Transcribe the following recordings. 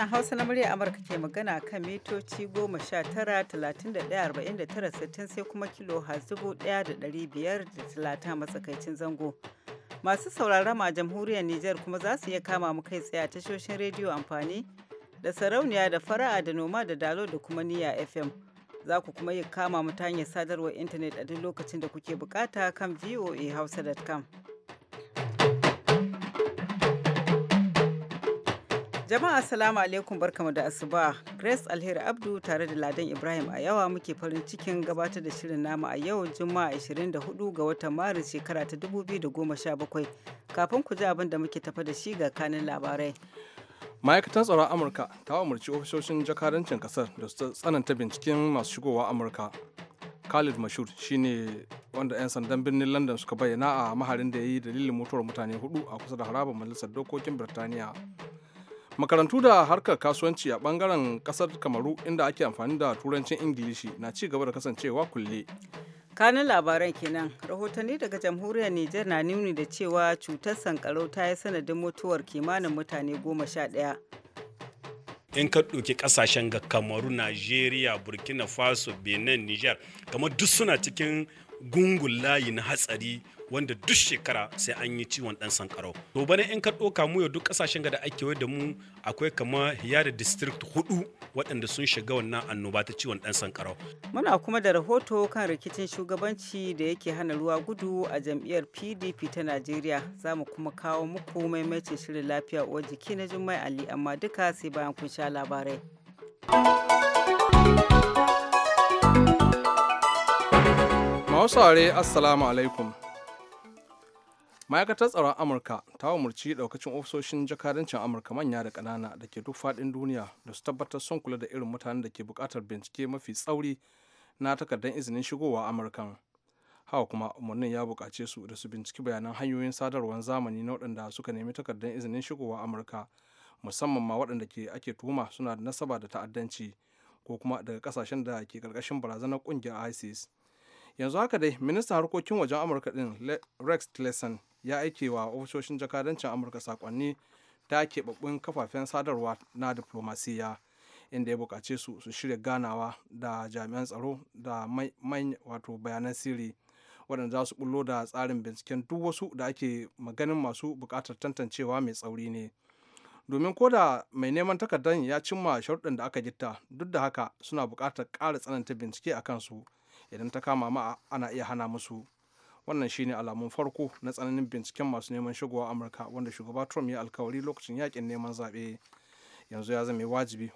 Sashen Hausa na murya Amurka ke magana kan mitoci goma sha tara sittin sai kuma kilo talata matsakaicin zango. Masu sauraron a jamhuriyar Nijar kuma za su iya kama mu kai tsaye a tashoshin rediyo amfani da sarauniya da fara'a da noma da dalo da kuma niya FM. Za ku kuma iya kama mu ta hanyar sadarwar intanet a duk lokacin da kuke bukata kan hausa.com. Jama'a Assalamu alaikum barkamu da asuba. Grace Alheri Abdu tare da Ladan Ibrahim a yawa muke farin cikin gabatar da shirin namu a yau Juma'a 24 ga watan Maris shekara ta 2017. Kafin ku ji abin da muke tafa da shi ga kanin labarai. Ma'aikatan tsaron Amurka ta umarci ofisoshin jakadancin kasar da su tsananta binciken masu shigowa Amurka. Khalid Mashur shine wanda 'yan sandan birnin London suka bayyana a maharin da ya yi dalilin mutuwar mutane hudu a kusa da harabar majalisar dokokin Birtaniya. makarantu da harkar kasuwanci a bangaren kasar kamaru inda ake amfani da turancin ingilishi na ci gaba da kasancewa kulle kanin labaran kenan rahotanni daga jamhuriyar nijar na nuni da cewa cutar sankarau ta yi sanadin mutuwar kimanin mutane goma sha ɗaya in ka ɗauki ƙasashen ga kamaru nigeria burkina faso benin niger kamar duk suna cikin gungun layi na hatsari wanda duk shekara sai an yi ciwon dan sankarau to bane in ka ɗoka mu yau duk ƙasashen da ake da mu akwai kamar hiya da district hudu waɗanda sun shiga wannan annoba ta ciwon dan sankarau muna kuma da rahoto kan rikicin shugabanci da yake hana ruwa gudu a jam'iyyar pdp ta najeriya za mu kuma kawo muku maimaitin shirin lafiya uwar jiki na jummai ali amma duka sai bayan kun sha labarai Mausare Assalamu alaikum. ma'aikatar tsaron amurka ta umarci daukacin ofisoshin jakadancin amurka manya da kanana da ke duk faɗin duniya da su tabbatar sun kula da irin mutanen da ke buƙatar bincike mafi tsauri na takardar izinin shigowa amurkan hawa kuma umarnin ya buƙace su da su binciki bayanan hanyoyin sadarwar zamani na waɗanda suka nemi takardar izinin shigowa amurka musamman ma waɗanda ke ake tuhuma suna da nasaba da ta'addanci ko kuma daga ƙasashen da ke karkashin barazanar ƙungiyar isis yanzu haka dai ministan harkokin wajen amurka ɗin rex tillerson ya aike wa ofisoshin jakadancin amurka sakonni ta keɓaɓɓun kafafen sadarwa na diplomasiya inda ya buƙace su su shirya ganawa da jami'an tsaro da mai wato bayanan sirri waɗanda za su bullo da tsarin binciken duk wasu da ake maganin masu buƙatar tantancewa mai tsauri ne domin ko da mai neman takardar ya cimma sharuɗin da aka gitta duk da haka suna buƙatar ƙara tsananta bincike a kansu idan ta kama ma ana iya hana musu wannan shine alamun farko na tsananin binciken masu neman shigowa amurka wanda shugaba trump ya alkawari lokacin yakin neman zaɓe yanzu ya zama wajibi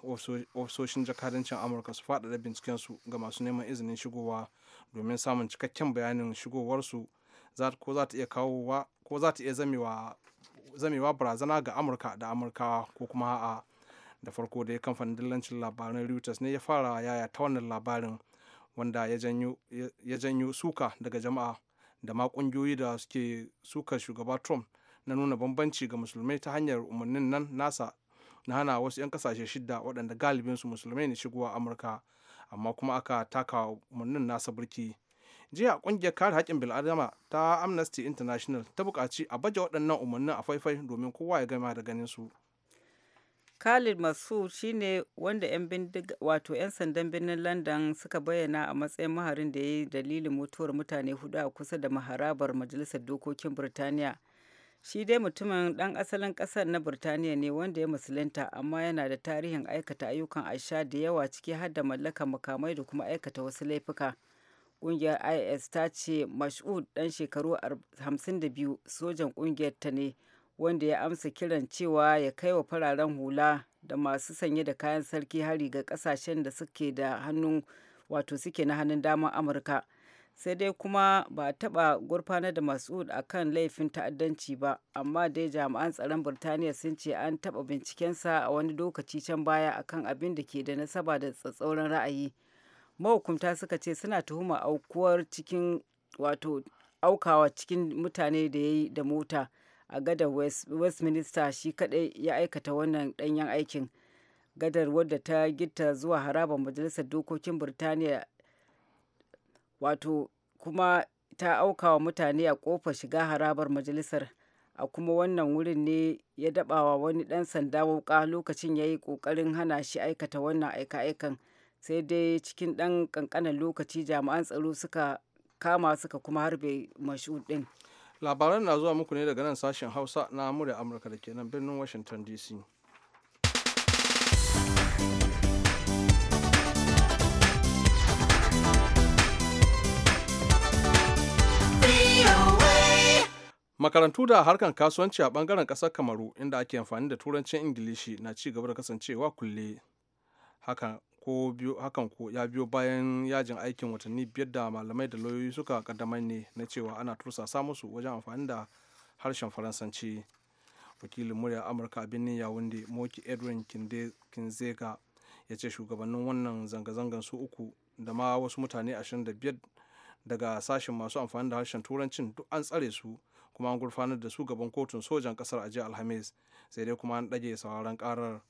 ofisoshin jakadancin amurka su faɗaɗa bincikensu ga masu neman izinin shigowa domin samun cikakken bayanin shigowarsu ko za ta iya kawowa ko za ta iya zamewa barazana ga amurka da amurkawa ko kuma a da farko dai kamfanin dillancin labaran reuters ne ya fara yaya ta wannan labarin wanda ya janyo suka daga jama'a da ma kungiyoyi da suke suka shugaba trump na nuna bambanci ga musulmai ta hanyar umarnin nan nasa na hana wasu 'yan kasashe shida waɗanda galibin su musulmai ne shigowa amurka amma kuma aka taka umarnin nasa burki jiya kungiyar kare haƙƙin bil'adama ta amnesty international ta buƙaci a baje waɗannan umarnin a faifai domin kowa ya gama da ganin su. Khalid Masud shine wanda 'yan wato 'yan sandan birnin London suka bayyana a matsayin maharin da ya yi dalilin mutuwar mutane hudu a kusa da maharabar Majalisar Dokokin Birtaniya. Shi dai mutumin dan asalin ƙasar na Birtaniya ne wanda ya musulunta amma yana da tarihin aikata ayyukan aisha da yawa ciki har da mallaka makamai da kuma aikata wasu laifuka. kungiyar IS ta ce Mash'ud dan shekaru 52 sojan kungiyar ta ne. wanda ya amsa kiran cewa ya kai wa fararen hula da masu sanye da kayan sarki hari ga kasashen da suke da hannun wato suke na hannun dama amurka sai dai kuma ba taba gurfanar da masud a kan laifin ta'addanci ba amma dai jami'an tsaron birtaniya sun ce an taba bincikensa a wani lokaci can baya akan abin da ke da nasaba da tsatsauran ra'ayi mahukunta suka ce suna tuhuma aukuwar cikin wato aukawa cikin mutane da ya yi da mota a gadar westminster shi kadai ya aikata wannan danyen aikin gadar wadda ta gita zuwa harabar majalisar dokokin birtaniya wato kuma ta wa mutane a kofar shiga harabar majalisar a kuma wannan wurin ne ya dabawa wani dan sanda wuka lokacin ya yi kokarin hana shi aikata wannan aika-aikan sai dai cikin dan kankanan lokaci jami'an tsaro suka kama suka kuma harbe mashu din labaran na zuwa muku ne daga nan sashen hausa na amurya amurka da ke nan birnin washington dc makarantu da harkar kasuwanci a bangaren kasar kamaru inda ake amfani da turancin ingilishi na ci gaba da kasancewa kulle hakan. ko biyu hakan ko ya biyo bayan yajin aikin watanni biyar da malamai da lauyoyi suka kaddamar ne na cewa ana tursasa musu wajen amfani da harshen faransanci wakilin murya amurka a birnin yawunde moki edwin kinzeka ya ce shugabannin wannan zanga-zangan su uku da ma wasu mutane 25 daga sashen masu amfani da harshen turancin duk an tsare su kuma an gurfanar da su gaban kotun sojan kasar a jiya alhamis sai dai kuma an ɗage sauraron karar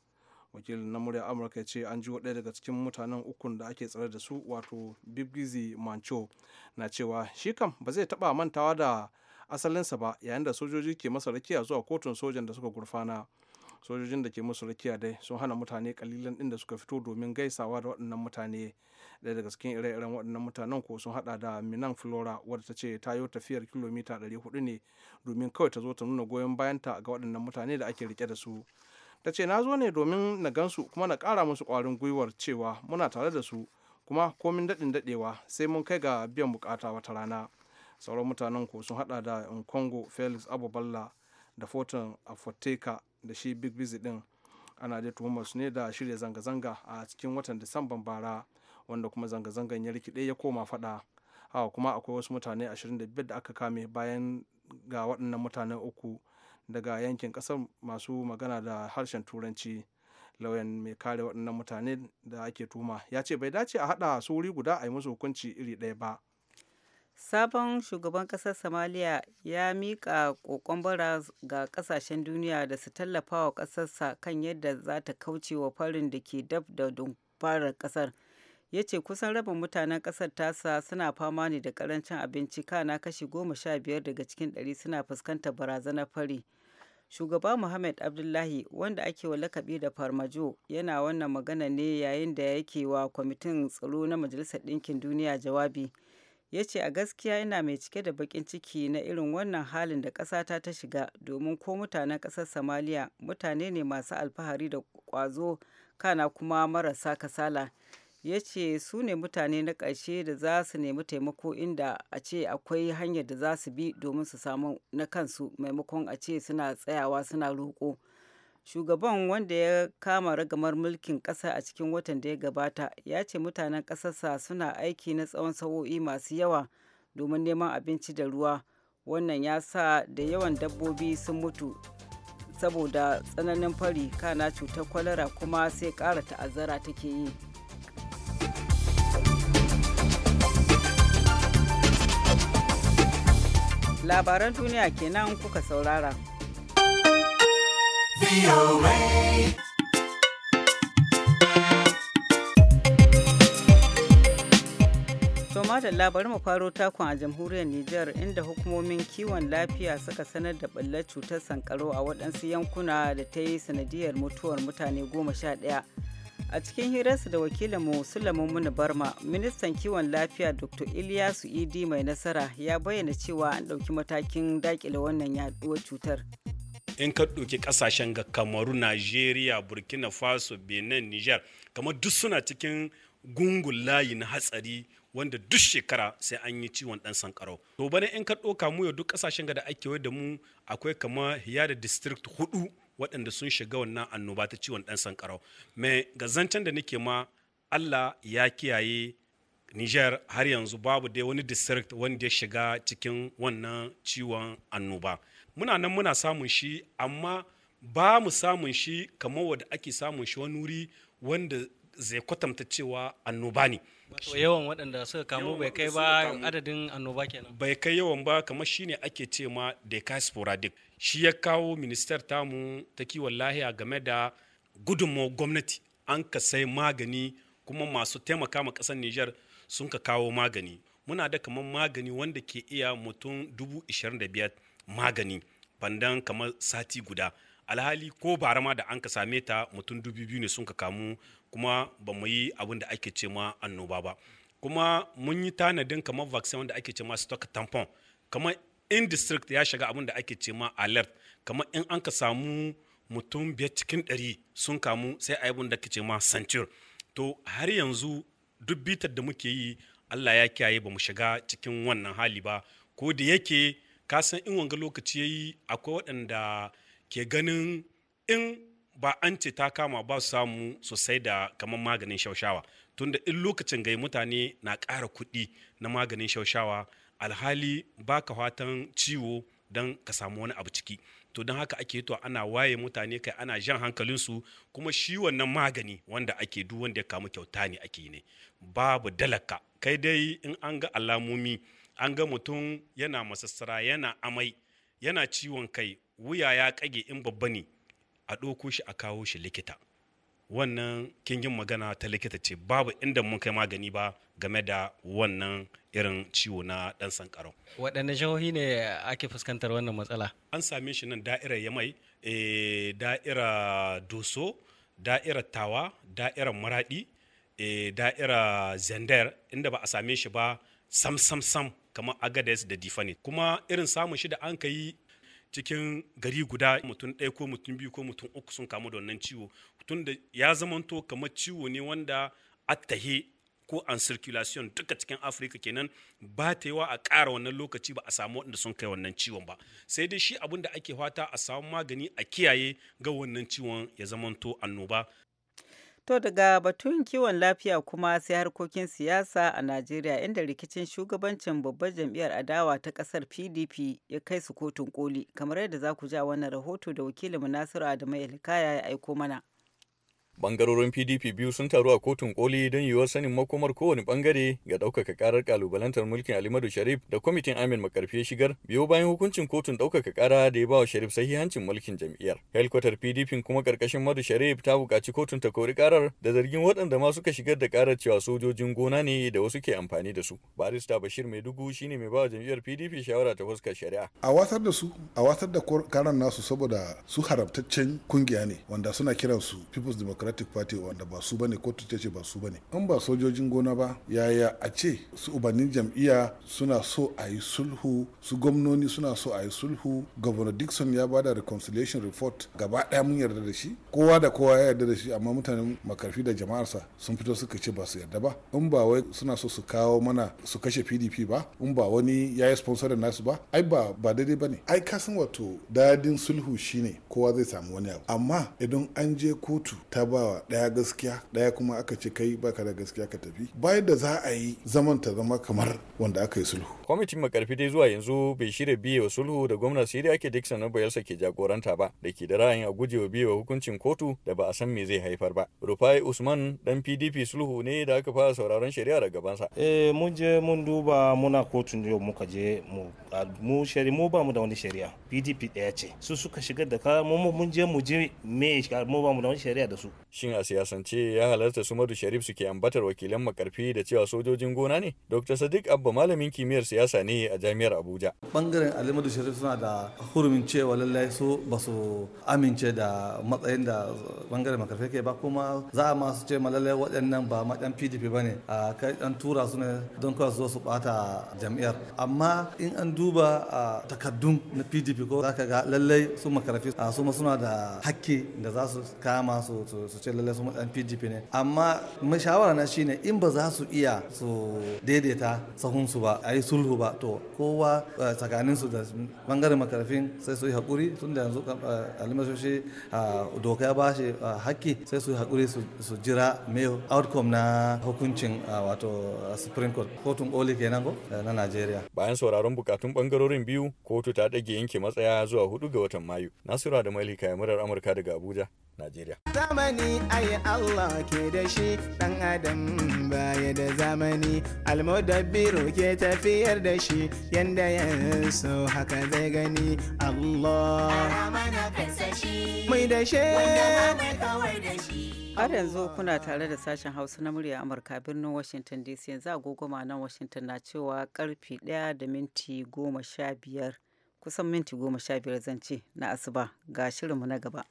wakilin na murya amurka ce an ji ɗaya daga cikin mutanen ukun da ake tsare da su wato bibgizi mancho na cewa shi kam ba zai taba mantawa da asalinsa ba yayin da sojoji ke masa rakiya zuwa kotun sojan da suka gurfana sojojin da ke musu rakiya dai sun hana mutane kalilan din da suka fito domin gaisawa da waɗannan mutane ɗaya daga cikin ire-iren waɗannan mutanen ko sun hada da minan flora wadda ta ce ta yi tafiyar kilomita 400 ne domin kawai ta zo ta nuna goyon bayanta ga waɗannan mutane da ake rike da su ta ce na zo ne domin na gansu kuma na kara musu kwarin gwiwar cewa muna tare da su kuma komin daɗin daɗewa sai mun kai ga biyan bukata wata rana sauran mutanen ko sun hada da nkongo felix abuballa da fortin afoteka da shi big busy din ana da tuhumar su ne da shirya zanga-zanga a cikin watan disamban bara wanda kuma zanga-zangan ya rikide ya koma fada hawa kuma akwai wasu mutane 25 da aka kame bayan ga waɗannan mutane uku daga yankin kasar masu magana da harshen turanci lauyan mai kare waɗannan mutane da ake tuma ya ce bai dace a haɗa su wuri guda a yi musu hukunci iri ɗaya ba sabon shugaban ƙasar somalia ya miƙa ƙoƙon bara ga ƙasashen duniya da su tallafa wa ƙasarsa kan yadda za ta kauce wa farin da ke dab da dumfarar ƙasar ya ce kusan rabin mutanen ƙasar tasa suna fama ne da karancin abinci kana kashi goma sha biyar daga cikin ɗari suna fuskantar barazanar fari shugaba muhammad abdullahi wanda ake wa lakabi da farmajo yana wannan magana ne yayin da yake wa kwamitin tsaro na majalisar ɗinkin duniya jawabi ya ce a gaskiya yana mai cike da bakin ciki na irin wannan halin da ƙasata ta shiga domin ko mutanen ƙasar somaliya mutane ne masu alfahari da kwazo kana kuma marasa kasala ya ce su ne mutane na ƙarshe da za su nemi taimako inda a ce akwai hanyar da za su bi domin su samu na kansu maimakon a ce suna tsayawa suna roƙo shugaban wanda ya kama ragamar mulkin ƙasa a cikin watan da ya gabata ya ce mutanen ƙasarsa suna aiki na tsawon sa'o'i masu yawa domin neman abinci da ruwa wannan ya sa da yawan dabbobi sun mutu saboda tsananin fari kana cutar kwalara kuma sai ƙara ta'azzara take yi labaran duniya kenan kuka saurara. Tomatar labarin mu faro takon a jamhuriyar Nijar inda hukumomin kiwon lafiya suka sanar da ɓalla cutar sankarau a waɗansu yankuna da ta yi sanadiyar mutuwar mutane goma sha ɗaya a cikin hirarsa da wakilin Sulaiman Muni Barma, ministan kiwon lafiya Dr. Ilyasu Idi mai nasara ya bayyana cewa an ɗauki matakin dakile wannan yaduwar cutar. In ka ɗauki ƙasashen ga Kamaru, Najeriya, Burkina Faso, Benin, niger kamar duk suna cikin gungun layi na hatsari wanda duk shekara sai an yi ciwon dan sankarau to ya in ka ɗauka mu duk ƙasashen da ake da mu akwai kama hiya da district hudu waɗanda sun shiga wannan annoba ta ciwon ɗan sankarau mai gazantan da nake ma allah ya kiyaye niger har yanzu babu dai wani district wanda ya shiga cikin wannan ciwon annoba muna nan muna samun shi amma ba mu samun shi kamar wanda ake samun shi wani wuri wanda zai kwatanta cewa annoba ne wato yawan waɗanda suka kamu bai kai ba adadin annoba kenan bai kai yawan ba kamar shine ake ce ma decasporadic shi ya kawo ministar tamu ta kiwon lahiya game da gudunmawar gwamnati an ka sai magani kuma masu taimaka ma ƙasar Nijar sun ka kawo magani muna da kamar magani wanda ke iya mutum dubu magani bandan kamar sati guda alhali ko barama da an ka same ta mutum dubu biyu ne sun ka kamu kuma ba mu yi abin da ake ce ma annoba ba kuma mun yi tanadin kamar vaccine wanda ake ce ma stock tampon kamar in district ya shiga abin da ake ce ma alert kamar in an ka samu mutum biyar cikin ɗari sun kamu sai a yi da ke ce ma centur to har yanzu duk bitar da muke yi allah ya kiyaye ba mu shiga cikin wannan hali ba ko da yake ka san in wanga lokaci ya yi akwai waɗanda ke ganin in ba an ce ta kama ba su samu sosai da kamar maganin shaushawa tunda in lokacin gai mutane na ƙara kuɗi na maganin shaushawa alhali ba ka fatan ciwo don ka samu wani abu ciki to don haka ake to ana waye mutane kai ana jan hankalinsu kuma shi wannan magani wanda ake duk wanda ya kamu kyauta ne ake ne babu dalaka kai dai in an ga alamomi an ga mutum yana masassara yana amai yana ciwon kai wuya ya kage in babba ne a ɗauko shi a kawo shi likita wannan kingin magana ta likita ce babu inda mun kai magani ba game da wannan irin ciwo na ɗan sankarau. waɗanne jihohi ne ake fuskantar wannan matsala an same shi nan da'irar yamai e, da'ira doso da'ira tawa da'ira maradi e, eh, da'ira zandar inda ba a same shi ba sam sam sam kamar agades da difani kuma irin samun shi da an ka yi cikin gari guda mutum ɗaya ko mutum biyu ko mutum uku sun kamu da wannan ciwo tun da ya zamanto kamar ciwo ne wanda attahe ko an circulation duka cikin afirka kenan ba ta yawa a ƙara wannan lokaci ba a samu waɗanda sun kai wannan ciwon ba sai dai shi abin da ake fata a samu magani a kiyaye ga wannan ciwon ya zamanto annoba To daga batun kiwon lafiya kuma sai harkokin siyasa a Najeriya inda rikicin shugabancin babbar jam'iyyar adawa ta kasar PDP ya kai su kotun koli kamar yadda za ku ja wannan rahoto da wakilin Nasiru Adamu Elkaya ya aiko mana. Bangarorin PDP biyu sun taru a kotun koli don yiwuwar sanin makomar kowane bangare ga ɗaukaka karar kalubalantar mulkin Alimadu Sharif da kwamitin Amin Makarfi shigar biyu bayan hukuncin kotun ɗaukaka kara da ya bawa wa Sharif sahihancin mulkin jam'iyyar. Helkwatar PDP kuma karkashin Madu Sharif ta buƙaci kotun ta kori karar da zargin waɗanda ma suka shigar da karar cewa sojojin gona ne da wasu ke amfani da su. Barista Bashir Maidugu shine mai ba wa jam'iyyar PDP shawara ta fuskar shari'a. A watar da su, a watar da karar nasu saboda su haramtaccen kungiya ne wanda suna kiransu People's Democratic democratic party wanda ba su bane kotu ce ba su bane an ba sojojin gona ba yaya a ce su ubannin jam'iyya suna so a yi sulhu su gwamnoni suna so a yi sulhu governor dixon ya bada reconciliation report gaba daya mun yarda da shi kowa da kowa ya yarda da shi amma mutanen makarfi da jama'arsa sun fito suka ce ba su yarda ba in ba wai suna so su kawo mana su kashe pdp ba in ba wani ya yi sponsor da nasu ba ai ba ba daidai ba ne ai kasan wato dadin sulhu shine kowa zai samu wani abu amma idan an je kotu ta ba bawa daya gaskiya daya kuma aka ce kai baka da gaskiya ka tafi bayan da za a yi zaman ta zama kamar wanda aka yi sulhu kwamitin makarfi dai zuwa yanzu bai shirya biye wa sulhu da gwamna siri ake dixon na bayelsa ke jagoranta ba da ke da ra'ayin a guje wa biye wa hukuncin kotu da ba a san me zai haifar ba rufai usman dan pdp sulhu ne da aka fara sauraron shari'a da gabansa eh mun je mun duba muna kotun yau muka je mu mu shari mu ba mu da wani shari'a pdp daya ce su suka shigar da ka mu mun je mu je me mu ba mu da wani shari'a da su Shin a siyasance ya halarta Sumadu Sharif su ke ambatar wakilan makarfi da cewa sojojin gona ne? Dr. Sadiq Abba malamin kimiyyar siyasa ne a Jami'ar Abuja. Bangaren Alimadu Sharif suna da hurumin cewa lallai su ba su amince da matsayin da bangaren makarfi ke ba kuma za a masu ce ma lallai waɗannan ba ma ɗan PDP ba ne a kai ɗan tura su ne don kawai su zo su ɓata jam'iyyar. Amma in an duba a takaddun na PDP ko za ka ga lallai su makarfi su suna da hakki da za su kama su ce lallai su matsan pdp ne amma shawara na shine in ba za su iya su daidaita sahunsu ba a yi sulhu ba to kowa eh, tsakanin su da bangaren makarafin sai su yi haƙuri tun da yanzu eh, eh, doka ya ba shi haƙƙi sai su yi haƙuri su jira mai outcome na hukuncin wato supreme court kotun koli kenan ko na nigeria. bayan sauraron bukatun bangarorin biyu kotu ta ɗage yanke matsaya zuwa hudu ga watan mayu nasura da malika ya murar amurka daga abuja najeriya zamani zamani ai Allah ke da shi dan adam baya da zamani almudabbiru ke tafiyar da shi yanda ya so haka zai gani Allah mai da shi har yanzu kuna tare da sashen hausa na murya amurka birnin washington dc yanzu agogoma nan washington na cewa karfe ɗaya da minti goma sha biyar kusan minti goma sha biyar zance na asuba ga shirinmu na gaba.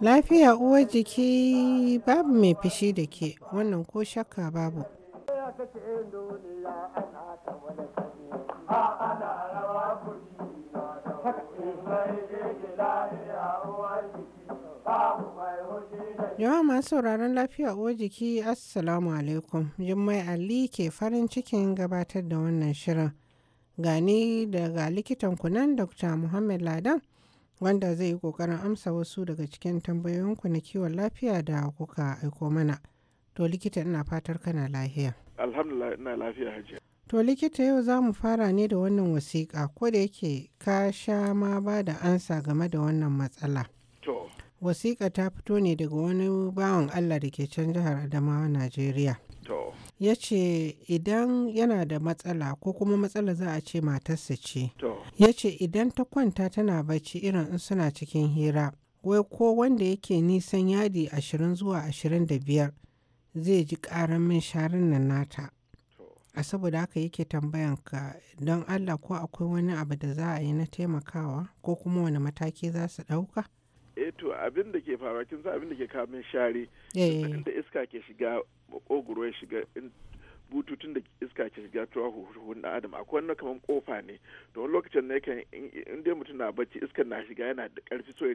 lafiya uwar jiki babu mai fishi da ke wannan ko shakka babu Yawa masu sauraron lafiya uwar jiki assalamu alaikum jummai ali ke farin cikin gabatar da wannan shirin gani daga likitan kunan dr muhammad ladan wanda zai yi kokarin amsa wasu daga cikin tambayoyinku na kiwon lafiya da kuka aiko mana to likita ina fatar kana lafiya alhamdulillah ina lafiya hajiya to likita yau za mu fara ne da wannan wasiƙa ko da yake ka sha ma ba da ansa game da wannan matsala wasiƙa ta fito ne daga wani bawan allah da ke can jihar adamawa najeriya ya ce idan yana da matsala ko kuma matsala za a ce matarsa ce ya ce idan ta kwanta tana bacci irin in suna cikin hira wai ko wanda yake nisan yadi ashirin zuwa ashirin da biyar zai ji ƙaran min sharin nan nata a saboda haka yake tambayan ka don allah ko akwai wani abu da za a yi na taimakawa ko kuma wani mataki za su ɗauka eto eh to abin da ke faruwa kin san abin da ke kawo min share eh, eh, da iska ke shiga makogoro ya shiga bututun da iska ke shiga tuwa huhun da adam akwai wani kamar kofa ne to wani lokacin ne kan in dai mutum na bacci iskar na shiga yana da karfi so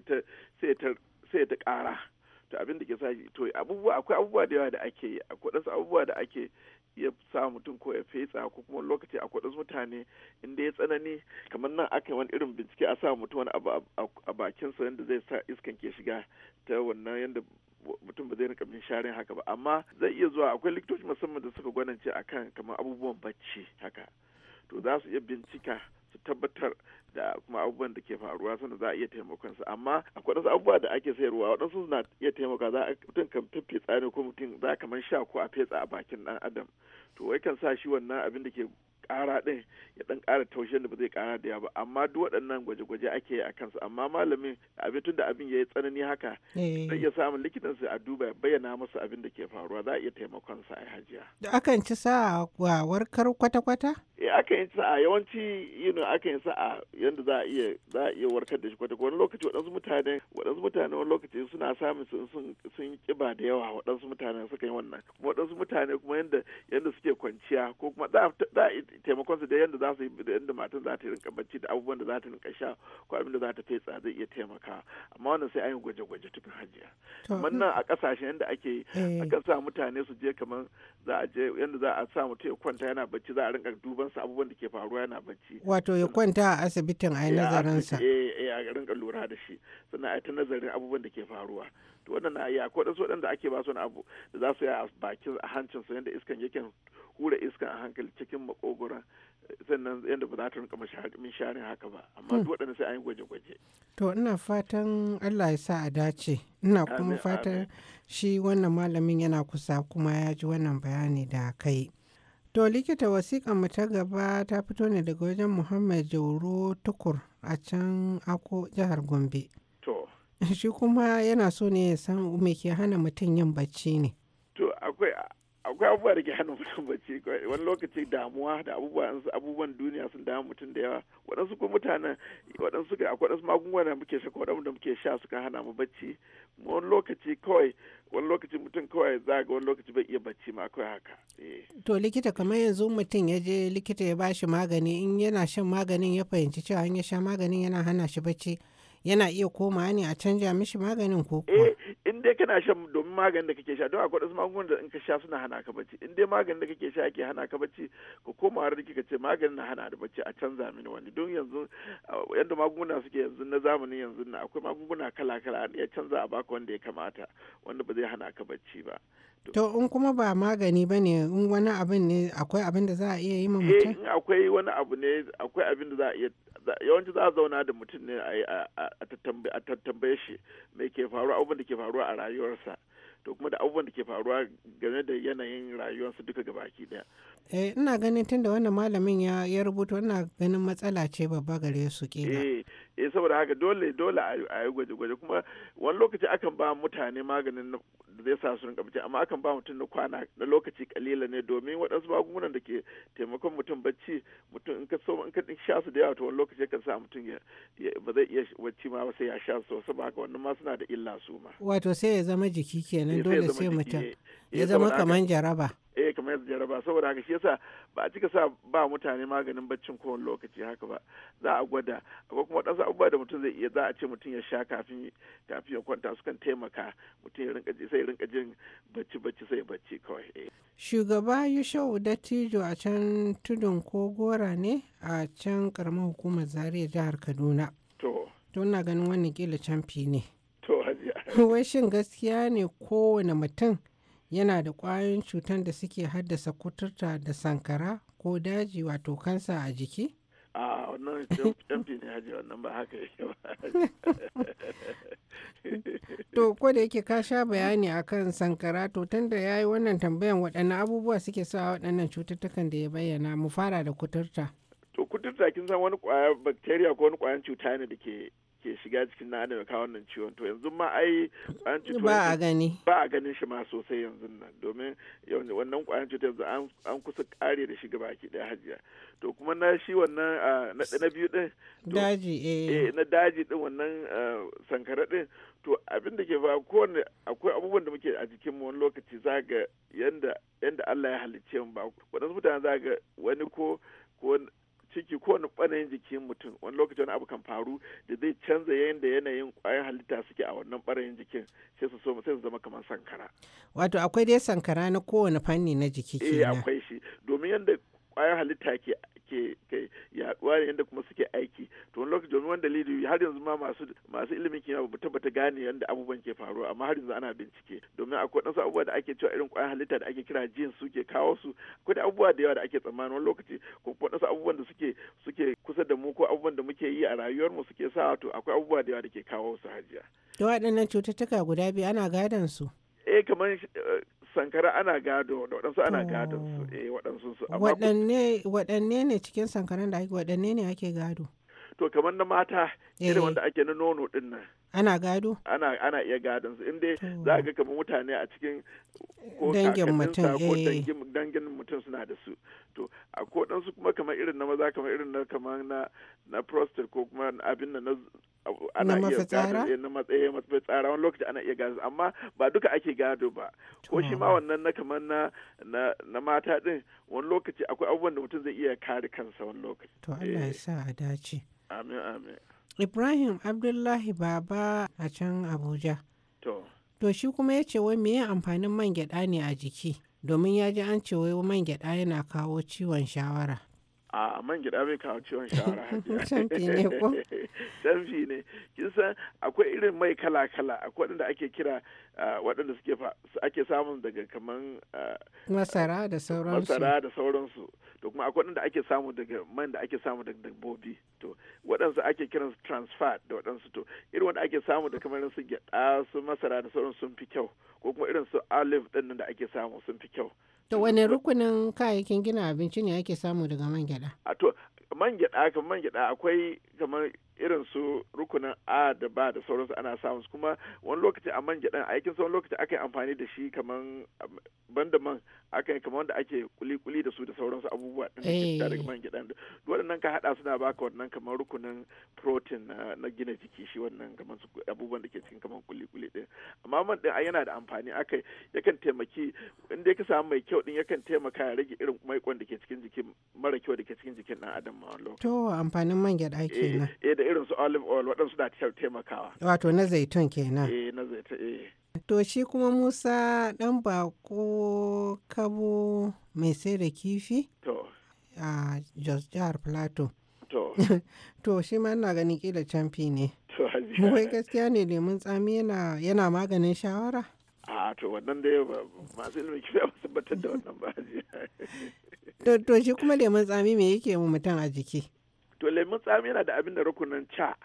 sai ta kara to abin da ke sa to akwai abubuwa da yawa da ake yi akwai wasu abubuwa da ake ya sa mutum ko ya fetsa ko kuma lokaci akwai wasu mutane inda ya tsanani kamar nan aka yi wani irin bincike a sa mutum wani abu a bakinsa yadda zai sa iskan ke shiga ta wannan yadda mutum ba zai rinka bin sharin haka ba amma zai iya zuwa akwai likitoci musamman da suka gwanance akan kamar abubuwan bacci haka to za su iya bincika su tabbatar da kuma abubuwan da ke faruwa sanda za a iya taimakon su amma akwai wasu abubuwa da ake sayarwa waɗansu na iya taimaka za a mutum kan fifitsa tsari ko mutum za kamar sha ko a fetsa a bakin ɗan adam to wai kan sa shi wannan abin da ke ƙara ɗin ya ɗan ƙara taushen da ba zai ƙara da ba amma duk waɗannan gwaje-gwaje ake yi a kansu amma malamin abin tun da abin ya yi tsanani haka eh. zai iya samun likitan su a duba bayyana masa abin da ke faruwa za a iya taimakon sa a hajiya. Da akan ci sa wa warkar kwata-kwata? Eh akan yi sa a yawanci yin akan yi sa a yanda za a iya za a iya warkar da shi kwata-kwata wani lokaci waɗansu mutane waɗansu mutane wani lokaci suna samun sun sun kiba da yawa waɗansu mutane suka yi wannan waɗansu mutane kuma yanda yanda suke kwanciya ko kuma za a taimakon su da yadda za su yi da yadda matan za ta rinka bacci da abubuwan da za ta rinka sha ko abin da za ta fetsa zai iya taimaka amma wannan sai an gwaje-gwaje tufin hajiya kamar hmm. nan a kasashen yadda ake eh. akan sa mutane su je kamar za a je yadda za a sa mutum ya kwanta yana bacci za a rinka duban sa abubuwan da ke faruwa yana bacci wato ya kwanta a asibitin a yi eh, nazarin sa eh eh a rinka lura da shi sannan a ta nazarin abubuwan da ke faruwa to wannan na akwai wadansu waɗanda ake ba su wani abu da za su yi a bakin a hancin su yadda iskan yake hura iskan a hankali cikin makogoron sannan yadda ba za ta rinka misharin haka ba amma hmm. duk waɗanda sai an gwaje-gwaje. to ina fatan allah ya sa a dace ina kuma fatan shi wannan malamin yana kusa kuma ya ji wannan bayani da kai. To likita wasiƙan mu ta gaba ta fito ne daga wajen Muhammad Jauro Tukur a can Ako jihar Gombe. Shi kuma yana so ne ya san me ke hana mutum yin bacci ne. To akwai akwai abubuwa da ke hana mutum bacci wani lokaci damuwa da abubuwan abubuwan duniya sun damu mutum da yawa waɗansu ko mutanen waɗansu ga akwai waɗansu magunguna da muke sha waɗansu da muke sha suka hana mu bacci wani lokaci kawai wani lokaci mutum kawai za ga wani lokaci bai iya bacci ma akwai haka. Eh. to likita kamar yanzu mutum ya je likita ya bashi magani in yana shan maganin ya fahimci cewa in ya sha maganin yana hana shi bacci yana iya koma ne a canja mishi maganin ko Eh, in dai kana shan domin maganin da kake sha don akwai wasu magunguna da in ka sha suna hana ka bacci in dai maganin da kake sha yake hana ka bacci ka koma har kika ce maganin na hana da bacci a canza mini wani don yanzu yadda magunguna suke yanzu na zamani yanzu na akwai magunguna kala kala ya canza a baka wanda ya kamata wanda ba zai hana ka bacci ba To in kuma ba magani ba ne in wani abin ne akwai abin da za a iya yi ma eh, mutum? Eh in akwai wani abu ne akwai abin da za a iya yawanci za a zauna da mutum ne a tattambaye shi me ke faruwa abubuwan da ke faruwa a rayuwarsa to kuma da abubuwan da ke faruwa game da yanayin rayuwarsa duka gabaki daya Eh, ina ganin tunda wannan malamin ya, ya rubuta ina ganin matsala ce babba gare su kila. Eh, eh saboda haka dole dole a yi gwaje-gwaje kuma wani lokaci akan ba mutane maganin da zai sa su rinka bacci amma akan ba mutum na kwana na lokaci kalila ne domin waɗansu magungunan da ke taimakon mutum bacci mutum in ka so in ka sha su da yawa to wani lokaci kan sa mutum ya ba zai iya bacci ma ba sai ya sha su saboda haka wannan ma suna da illa su ma. Wato sai ya zama jiki kenan eh, dole sai mutum eh, ya zama kaman jaraba. eh kamar yadda jaraba saboda haka shi yasa ba a cika sa ba mutane maganin baccin kowane lokaci haka ba za a gwada akwai kuma ɗansa abubuwa da mutum zai iya za a ce mutum ya sha kafin kafin ya kwanta su kan taimaka mutum ya rinka sai rinka jin bacci bacci sai bacci kawai eh. shugaba yushau dattijo a can tudun ko gora ne a can karamar hukumar zaria jihar kaduna to to na ganin wannan kila canfi ne to hajiya wai shin gaskiya ne kowane mutum yana da ƙwayoyin cutar da suke haddasa kuturta da sankara ko daji wato kansa a jiki? a wannan jamfi ne hajji wannan ba haka yake ba to ko da yake ka sha bayani akan sankara to tunda ya yi wannan tambayan waɗannan abubuwa suke sa waɗannan cututtukan da ya bayyana mu fara da kuturta to kuturta kin san wani ƙwayar bacteria ko wani ƙwayar cuta ne da ke ke shiga cikin na adana kawo wannan ciwon to yanzu ma ai kwayan cutar ba a gani ba a ganin shi ma sosai yanzu nan domin wannan kwayan cutar yanzu an kusa kare da shi gaba ki daya hajiya to kuma na shi wannan na biyu din daji eh. eh na daji din wannan sankara din to abin da ke fa kowane akwai abubuwan da muke a jikin mu wani lokaci za ga yanda yanda Allah ya halicce mu ba wadansu mutane za ga wani ko ko ciki kowane ɓanayin jikin mutum wani lokaci wani abu kan faru da zai canza yayin da yanayin ƙwayar halitta suke a wannan ɓanayin jikin sai su so sai su zama kamar sankara wato akwai dai sankara na kowane fanni na jiki eh akwai shi domin yadda ƙwayar halitta ke ke yaduwa ne yadda kuma suke aiki to wani lokaci domin wani dalili har yanzu ma masu masu ilimin kimiyya ba tabbata gane yadda abubuwan ke faruwa amma har yanzu ana bincike domin akwai ɗansu abubuwa da ake cewa irin ƙwayar halitta da ake kira jin su ke kawo su akwai da abubuwa da yawa da ake tsammani wani lokaci ko kuma ɗansu abubuwan da suke suke kusa da mu ko abubuwan da muke yi a rayuwar mu suke sa to akwai abubuwa da yawa da ke kawo su hajiya. Da waɗannan cututtuka guda biyu ana gadon su. eh kamar eh, sankara ana gado da waɗansu ana gadon su eh waɗansu su waɗanne waɗanne ne cikin sankaran da ake waɗanne ne ake gado to kamar na mata irin eh. wanda ake na nono din nan ana gado ana ana iya gadon su inda za ga kamar mutane a cikin ko dangin mutum ko eh. dangin mutum suna da su to a ko dan su kuma kamar irin na maza kamar irin na kamar na na prostate ko kuma abin da na ana iya gado eh, na matsayi eh, matsayi tsara wani lokaci ana iya gado amma ba duka ake gado ba ko shi ma wannan na kamar na na mata din wani lokaci akwai abubuwan da mutum zai iya kare kansa wani lokaci to Allah ya sa a dace amin amin ibrahim abdullahi baba a can abuja to shi kuma ya ce wai meye amfanin man gyada ne a jiki domin ya ji an ce wai man gyada yana kawo ciwon shawara a man gida bai kawo ciwon shawara canfi ne kin san akwai irin mai kala kala akwai wadanda ake kira waɗanda suke ake samun daga kaman masara da sauransu masara da sauransu to kuma akwai wadanda ake samu daga man da ake samu daga dabbobi to waɗansu ake kiran su transfer da waɗansu to irin wanda ake samu da kamar su gyaɗa su masara da sauransu sun fi kyau ko kuma irin su olive din da ake samu sun fi kyau To wane rukunin kayayyakin gina abinci ne ake samu daga man gyada? A to man gyada man gyada akwai kamar irin su rukunin a da ba da sauransu ana samun su kuma wani lokaci a man gyaɗan aikin sauran lokaci aka yi amfani da shi kaman ban da man aka yi kaman wanda ake kuli-kuli da su da sauransu abubuwa ɗin da daga eh. man gyaɗan waɗannan ka haɗa suna baka wannan kaman rukunin protein na gina jiki shi wannan su abubuwan da ke cikin kaman kuli-kuli ɗin amma man ɗin yana da amfani aka yakan taimaki inda ka samu mai kyau ɗin yakan taimaka ya rage irin maikon da ke cikin jiki mara kyau da ke cikin jikin ɗan adam ma wani lokaci. To amfanin man gyaɗa eh, kenan. Eh, irin su olive oil waɗansu da na taimakawa. Wato na zaitun kenan. Eh na zaitun eh. To shi kuma Musa ɗan bako kabo mai sai da kifi? To. A Jos Jihar Plato. To. to shi ma ina gani kila canfi ne. To Wai gaskiya ne lemun tsami yana maganin shawara? A to wannan dai masu ilimin kifi ba su batar da wannan ba. To shi kuma lemun tsami me yake mu mutum a jiki? to lemun tsami yana da abin da rukunin ca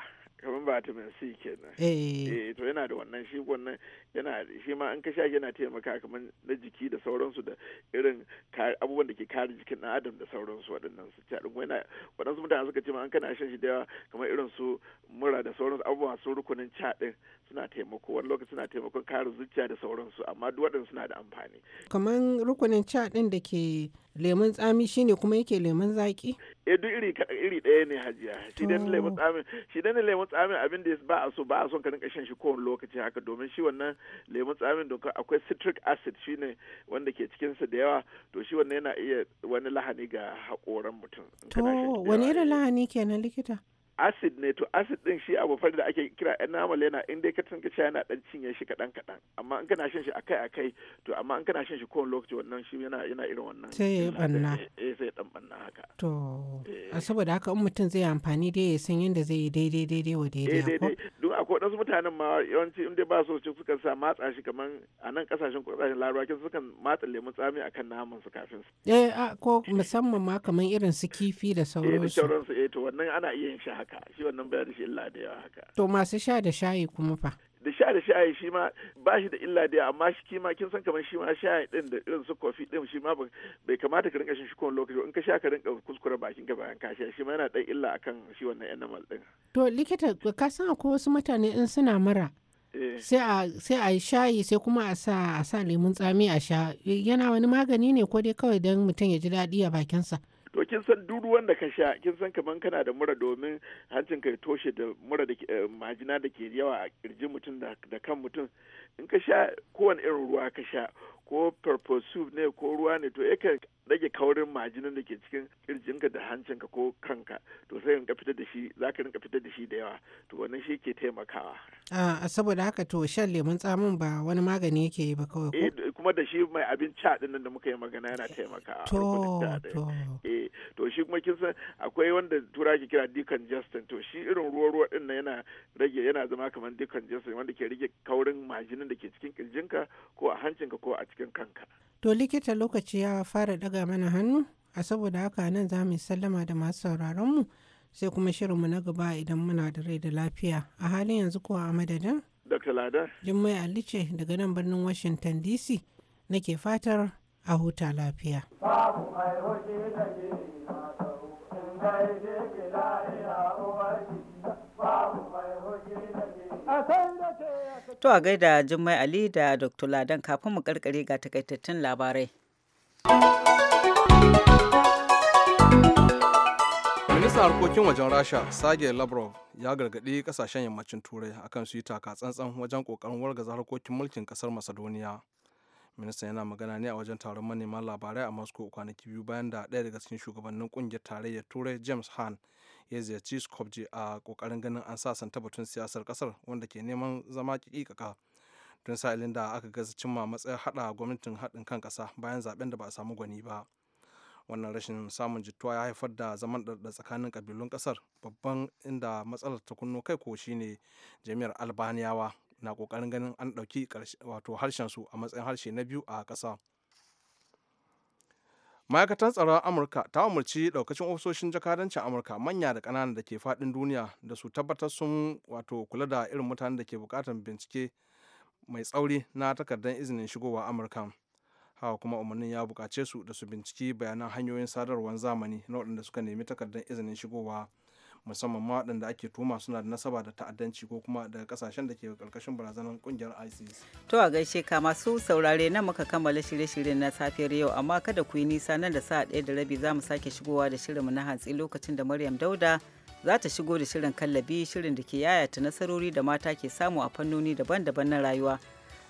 kamar vitamin C kenan eh. eh to yana da wannan shi wannan yana shi ma an ka sha yana taimaka kamar na jiki da sauransu da irin abubuwan da ke kare jikin ɗan adam da sauransu waɗannan su ta din yana waɗansu mutane suka ce ma an kana shan shi da yawa kamar irin su mura da sauransu abubuwa su rukunin ca din suna taimako wani lokaci suna taimakon kare zuciya da sauransu amma duk waɗanda suna da amfani kamar rukunin ca ɗin da ke lemun tsami shine kuma yake lemun zaki eh duk iri iri ɗaya ne hajiya shi dan lemun tsami shi lemun tsami abin da ba a so ba a son ka rinka shan shi kowane lokaci haka domin shi wannan lemun tsamin don akwai citric acid shine wanda ke cikin sa da yawa to shi wannan yana iya wani lahani ga hakoran mutum to wani irin lahani kenan likita acid ne to acid din shi abu fari da ake kira enamel yana in dai ka tunka yana ɗan cinye shi kadan kaɗan amma in kana shan shi akai akai to amma in kana shan shi kowane lokaci wannan shi yana yana irin wannan sai ya banna eh sai eh, dan banna haka to eh. saboda haka in mutum zai amfani dai ya san yadda zai yi daidai daidai wa daidai eh, ko waɗansu mutanen ma yawanci inda ba su sukan sa matsa shi kamar a nan kasashen kasashen larabawa kin sukan matsa lemun tsami akan naman su kafin su eh a ko musamman ma kamar irin su kifi da eh, sauransu eh sauransu eh to wannan ana iya yin shi haka shi wannan bayan da shi illa da yawa haka to masu sha da shayi kuma fa da sha da sha shi ma ba shi da illa da amma shi kima kin san kamar shi ma shayi din da irin su kofi din shi ma bai kamata ka rinka shin shi kowane lokaci in ka sha ka rinka kuskure bakin ka bayan ka sha shi ma yana dan illa akan shi wannan animal din to likita ka san akwai wasu mutane in suna mara eh. sai a shayi sai kuma a sa a sa lemun tsami a sha yana wani magani ne ko dai kawai don mutum ya ji daɗi a bakinsa to kin san duk ruwan da ka sha kin san kaman kana da mura domin hancin ka toshe da mura da eh, majina da ke yawa a kirjin mutum da kan mutum in ka sha kowane irin ruwa ka sha ko purple ne ko ruwa ne to yakan rage kaurin majinin da ke cikin kirjinka da hancinka ko kanka to sai rinka fitar da shi za ka rinka fitar da shi da yawa to wannan shi ke taimakawa. a saboda haka to shan lemun tsamin ba wani magani yake yi ba kawai ko. Eh, kuma da shi mai abin ca din da muka yi magana yana taimakawa. to to eh to shi kuma kin san akwai wanda tura ke kira decongestant to shi irin ruwa ruwa din nan yana rage yana zama kamar decongestant wanda ke rage kaurin majinin da ke cikin kirjinka ko a hancinka ko a cikin kanka. to likita lokaci ya fara daga ɗaga mana hannu a saboda haka nan za mu sallama da masu sauraron mu sai kuma shirinmu na gaba idan muna da rai da lafiya a halin yanzu kuwa a madadin dr lada jummai alice daga nan birnin washington dc nake fatar a huta lafiya To a gaida Jummai Ali da Dr. Ladan kafin mu karkare ga takaitattun labarai. ministan harkokin wajen rasha Sage lavrov ya gargaɗi ƙasashen yammacin turai akan su yi taka tsantsan wajen ƙoƙarin wargaza harkokin mulkin ƙasar macedonia ministan yana magana ne a wajen taron manema labarai a moscow kwanaki biyu bayan da ɗaya daga cikin shugabannin ƙungiyar tarayyar turai james Hahn, ya ziyarci skopje a ƙoƙarin ganin an sasanta batun siyasar ƙasar wanda ke neman zama ƙiƙaƙa. tun sa'ilin da aka gaza cimma matsayin hada gwamnatin haɗin kan ƙasa bayan zaben da ba a samu gwani ba wannan rashin samun jituwa ya haifar da zaman da tsakanin ƙabilun ƙasar babban inda matsalar ta kunno kai ko shine jami'ar albaniyawa na ƙoƙarin ganin an ɗauki wato harshen su a matsayin harshe na biyu a ƙasa ma'aikatan tsaron amurka ta umarci daukacin ofisoshin jakadancin amurka manya da ƙanana da ke faɗin duniya da su tabbatar sun wato kula da irin mutanen da ke bukatar bincike mai tsauri na takardar izinin shigowa amurka haka kuma umarnin ya bukace su da su binciki bayanan hanyoyin sadarwar zamani na waɗanda suka nemi takardar izinin shigowa musamman ma waɗanda ake tuma suna da nasaba da ta'addanci ko kuma daga kasashen da ke karkashin barazanar ƙungiyar isis to a gaishe ka masu saurare na muka kammala shirye-shiryen na safiyar yau amma kada ku yi nisa nan da sa'a ɗaya da rabi za mu sake shigowa da shirinmu na hantsi lokacin da maryam dauda za ta shigo da shirin kallabi shirin da ke yayata nasarori da mata ke samu a fannoni daban-daban na rayuwa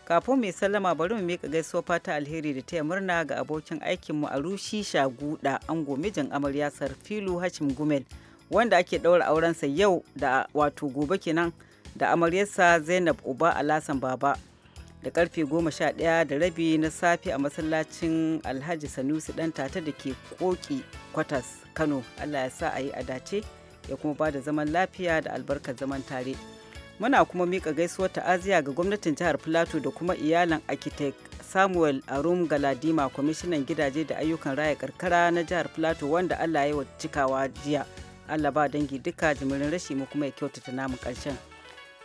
kafin mai sallama bari mu mika gaisuwa fata alheri da taya murna ga abokin aikinmu a rushi shaguda ango mijin amarya filu hashim gumel wanda ake ɗaura aurensa yau da wato gobe kenan da amaryarsa zainab uba alasan baba da karfe goma sha ɗaya da rabi na safe a masallacin alhaji sanusi ɗan tata da ke koki kwatas kano allah ya sa a yi a dace ya kuma ba da zaman lafiya da albarkar zaman tare muna kuma mika gaisuwar ta'aziya ga gwamnatin jihar plateau da kuma iyalan architect samuel arum galadima kwamishinan gidaje da ayyukan raya karkara na jihar plateau wanda allah ya cikawa jiya allah ba dangi duka jimirin rashi mu kuma ya kyautata namu karshen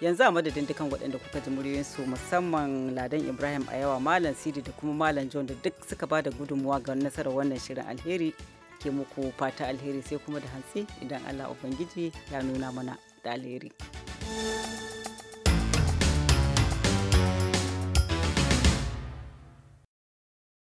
yanzu a madadin dukan waɗanda kuka ji su musamman ladan ibrahim a yawa malam sidi da kuma malam john da duk suka ba da gudunmuwa ga nasarar wannan shirin alheri ke muku fata alheri sai kuma da hantsi idan Allah Ubangiji ya nuna mana da alheri.